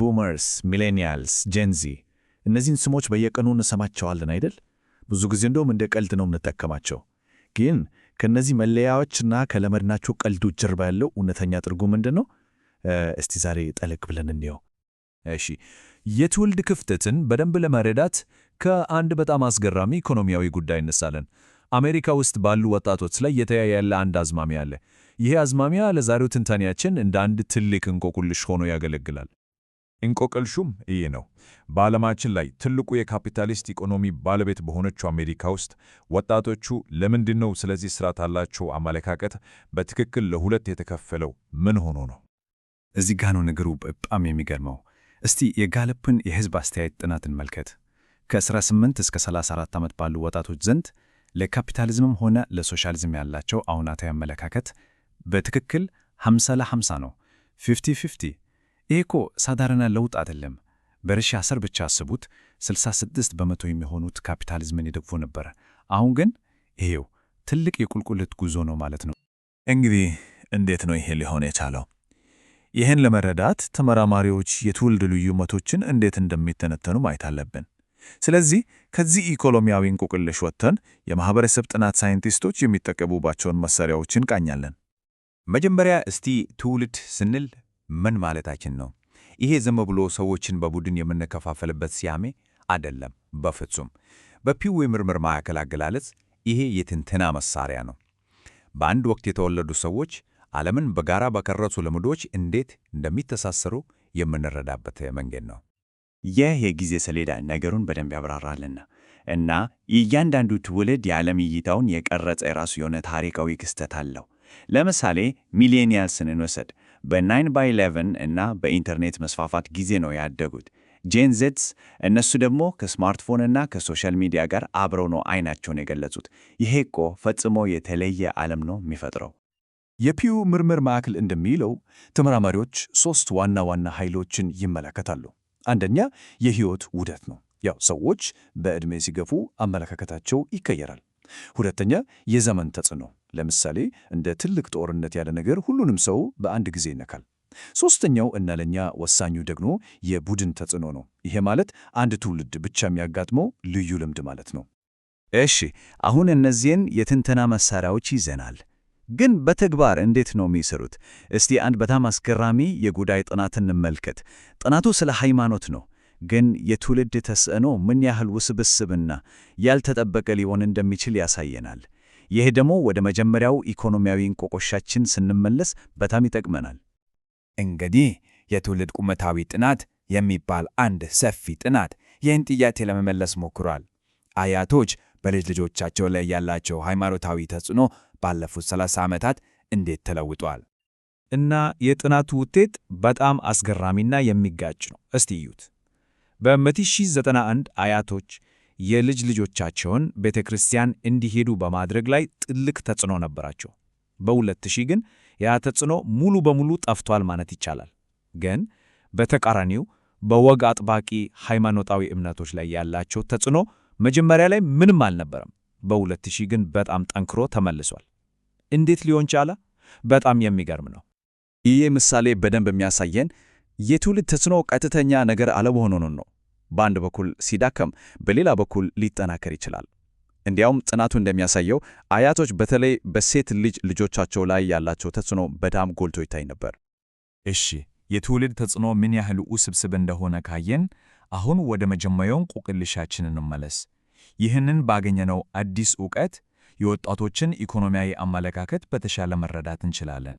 ቡመርስ፣ ሚሌኒያልስ፣ ጀንዚ እነዚህን ስሞች በየቀኑ እንሰማቸዋለን አይደል? ብዙ ጊዜ እንደውም እንደ ቀልድ ነው የምንጠቀማቸው። ግን ከእነዚህ መለያዎችና ከለመድናቸው ቀልዱ ጀርባ ያለው እውነተኛ ትርጉም ምንድን ነው? እስቲ ዛሬ ጠለቅ ብለን እንየው። እሺ፣ የትውልድ ክፍተትን በደንብ ለመረዳት ከአንድ በጣም አስገራሚ ኢኮኖሚያዊ ጉዳይ እነሳለን። አሜሪካ ውስጥ ባሉ ወጣቶች ላይ የተያያለ አንድ አዝማሚያ አለ። ይሄ አዝማሚያ ለዛሬው ትንታኔያችን እንደ አንድ ትልቅ እንቆቁልሽ ሆኖ ያገለግላል። እንቆቅልሹም ይህ ነው። በዓለማችን ላይ ትልቁ የካፒታሊስት ኢኮኖሚ ባለቤት በሆነችው አሜሪካ ውስጥ ወጣቶቹ ለምንድን ነው ስለዚህ ስርዓት ታላቸው አመለካከት በትክክል ለሁለት የተከፈለው ምን ሆኖ ነው? እዚህ ጋ ነው ነገሩ በጣም የሚገርመው። እስቲ የጋለፕን የህዝብ አስተያየት ጥናት እንመልከት። ከ18 እስከ 34 ዓመት ባሉ ወጣቶች ዘንድ ለካፒታሊዝምም ሆነ ለሶሻሊዝም ያላቸው አሁናታዊ አመለካከት በትክክል 50 ለ50 ነው፣ 50 50 ይህ እኮ ሳዳረና ለውጥ አይደለም። በእርሻ ስር ብቻ አስቡት፣ 66 በመቶ የሚሆኑት ካፒታሊዝምን ይደግፉ ነበር። አሁን ግን ይሄው ትልቅ የቁልቁልት ጉዞ ነው ማለት ነው። እንግዲህ እንዴት ነው ይሄ ሊሆን የቻለው? ይህን ለመረዳት ተመራማሪዎች የትውልድ ልዩነቶችን እንዴት እንደሚተነተኑ ማየት አለብን። ስለዚህ ከዚህ ኢኮኖሚያዊ እንቁቅልሽ ወጥተን የማህበረሰብ ጥናት ሳይንቲስቶች የሚጠቀሙባቸውን መሳሪያዎችን ቃኛለን። መጀመሪያ እስቲ ትውልድ ስንል ምን ማለታችን ነው? ይሄ ዝም ብሎ ሰዎችን በቡድን የምንከፋፈልበት ሲያሜ አይደለም፣ በፍጹም። በፒው የምርምር ማዕከል አገላለጽ ይሄ የትንተና መሳሪያ ነው። በአንድ ወቅት የተወለዱ ሰዎች ዓለምን በጋራ በቀረጹ ልምዶች እንዴት እንደሚተሳሰሩ የምንረዳበት መንገድ ነው። ይህ የጊዜ ሰሌዳ ነገሩን በደንብ ያብራራልና እና እያንዳንዱ ትውልድ የዓለም እይታውን የቀረጸ የራሱ የሆነ ታሪካዊ ክስተት አለው። ለምሳሌ ሚሌኒያልስን እንወሰድ። በ9 ባይ 11 እና በኢንተርኔት መስፋፋት ጊዜ ነው ያደጉት። ጄን ዜድስ እነሱ ደግሞ ከስማርትፎን እና ከሶሻል ሚዲያ ጋር አብረው ነው አይናቸውን የገለጹት። ይሄ እኮ ፈጽሞ የተለየ ዓለም ነው የሚፈጥረው። የፒዩ ምርምር ማዕከል እንደሚለው ተመራማሪዎች ሦስት ዋና ዋና ኃይሎችን ይመለከታሉ። አንደኛ የሕይወት ውደት ነው። ያው ሰዎች በዕድሜ ሲገፉ አመለካከታቸው ይቀየራል። ሁለተኛ የዘመን ተጽዕኖ ለምሳሌ እንደ ትልቅ ጦርነት ያለ ነገር ሁሉንም ሰው በአንድ ጊዜ ይነካል። ሶስተኛው እና ለእኛ ወሳኙ ደግሞ የቡድን ተጽዕኖ ነው። ይሄ ማለት አንድ ትውልድ ብቻ የሚያጋጥመው ልዩ ልምድ ማለት ነው። እሺ፣ አሁን እነዚህን የትንተና መሳሪያዎች ይዘናል፣ ግን በተግባር እንዴት ነው የሚሰሩት? እስቲ አንድ በጣም አስገራሚ የጉዳይ ጥናት እንመልከት። ጥናቱ ስለ ሃይማኖት ነው፣ ግን የትውልድ ተጽዕኖ ምን ያህል ውስብስብና ያልተጠበቀ ሊሆን እንደሚችል ያሳየናል። ይህ ደግሞ ወደ መጀመሪያው ኢኮኖሚያዊ እንቆቆሻችን ስንመለስ በጣም ይጠቅመናል። እንግዲህ የትውልድ ቁመታዊ ጥናት የሚባል አንድ ሰፊ ጥናት ይህን ጥያቄ ለመመለስ ሞክሯል። አያቶች በልጅ ልጆቻቸው ላይ ያላቸው ሃይማኖታዊ ተጽዕኖ ባለፉት 30 ዓመታት እንዴት ተለውጧል? እና የጥናቱ ውጤት በጣም አስገራሚና የሚጋጭ ነው። እስቲ እዩት። በ1991 አያቶች የልጅ ልጆቻቸውን ቤተ ክርስቲያን እንዲሄዱ በማድረግ ላይ ጥልቅ ተጽዕኖ ነበራቸው። በ2000 ግን ያ ተጽዕኖ ሙሉ በሙሉ ጠፍቷል ማለት ይቻላል። ግን በተቃራኒው በወግ አጥባቂ ሃይማኖታዊ እምነቶች ላይ ያላቸው ተጽዕኖ መጀመሪያ ላይ ምንም አልነበረም። በ2000 ግን በጣም ጠንክሮ ተመልሷል። እንዴት ሊሆን ቻለ? በጣም የሚገርም ነው። ይህ ምሳሌ በደንብ የሚያሳየን የትውልድ ተጽዕኖ ቀጥተኛ ነገር አለመሆኑን ነው። በአንድ በኩል ሲዳከም፣ በሌላ በኩል ሊጠናከር ይችላል። እንዲያውም ጥናቱ እንደሚያሳየው አያቶች በተለይ በሴት ልጅ ልጆቻቸው ላይ ያላቸው ተጽዕኖ በጣም ጎልቶ ይታይ ነበር። እሺ፣ የትውልድ ተጽዕኖ ምን ያህል ውስብስብ እንደሆነ ካየን አሁን ወደ መጀመሪያውን ቁቅልሻችን እንመለስ። ይህንን ባገኘነው አዲስ ዕውቀት የወጣቶችን ኢኮኖሚያዊ አመለካከት በተሻለ መረዳት እንችላለን።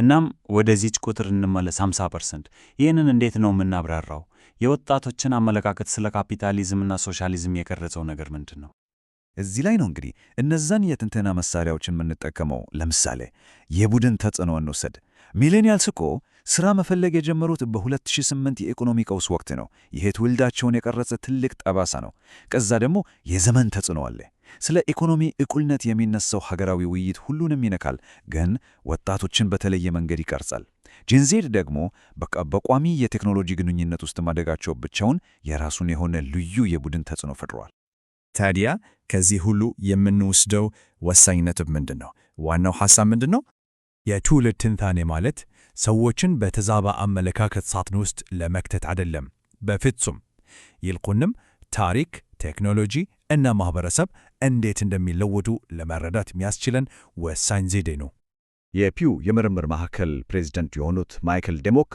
እናም ወደዚች ቁጥር እንመለስ 50 ፐርሰንት። ይህንን እንዴት ነው የምናብራራው? የወጣቶችን አመለካከት ስለ ካፒታሊዝምና ሶሻሊዝም የቀረጸው ነገር ምንድን ነው? እዚህ ላይ ነው እንግዲህ እነዛን የትንተና መሳሪያዎች የምንጠቀመው። ለምሳሌ የቡድን ተጽዕኖ እንውሰድ። ሚሌኒያልስ እኮ ሥራ መፈለግ የጀመሩት በ2008 የኢኮኖሚ ቀውስ ወቅት ነው። ይሄ ትውልዳቸውን የቀረጸ ትልቅ ጠባሳ ነው። ከዛ ደግሞ የዘመን ተጽዕኖ አለ። ስለ ኢኮኖሚ እኩልነት የሚነሳው ሀገራዊ ውይይት ሁሉንም ይነካል፣ ግን ወጣቶችን በተለየ መንገድ ይቀርጻል። ጂንዜድ ደግሞ በቃ በቋሚ የቴክኖሎጂ ግንኙነት ውስጥ ማደጋቸው ብቻውን የራሱን የሆነ ልዩ የቡድን ተጽዕኖ ፈጥሯል። ታዲያ ከዚህ ሁሉ የምንወስደው ወሳኝ ነጥብ ምንድን ነው? ዋናው ሐሳብ ምንድን ነው? የትውልድ ትንታኔ ማለት ሰዎችን በተዛባ አመለካከት ሳጥን ውስጥ ለመክተት አይደለም፣ በፍጹም ይልቁንም ታሪክ፣ ቴክኖሎጂ እና ማህበረሰብ እንዴት እንደሚለወጡ ለመረዳት የሚያስችለን ወሳኝ ዘዴ ነው። የፒው የምርምር ማዕከል ፕሬዚደንት የሆኑት ማይክል ዴሞክ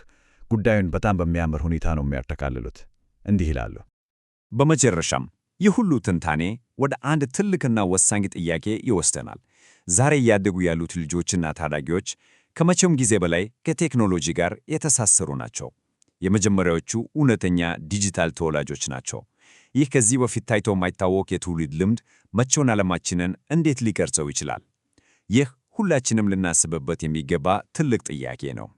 ጉዳዩን በጣም በሚያምር ሁኔታ ነው የሚያጠቃልሉት። እንዲህ ይላሉ። በመጨረሻም ይህ ሁሉ ትንታኔ ወደ አንድ ትልቅና ወሳኝ ጥያቄ ይወስደናል። ዛሬ እያደጉ ያሉት ልጆችና ታዳጊዎች ከመቼውም ጊዜ በላይ ከቴክኖሎጂ ጋር የተሳሰሩ ናቸው። የመጀመሪያዎቹ እውነተኛ ዲጂታል ተወላጆች ናቸው። ይህ ከዚህ በፊት ታይቶ የማይታወቅ የትውልድ ልምድ መቼውን ዓለማችንን እንዴት ሊቀርጸው ይችላል? ይህ ሁላችንም ልናስብበት የሚገባ ትልቅ ጥያቄ ነው።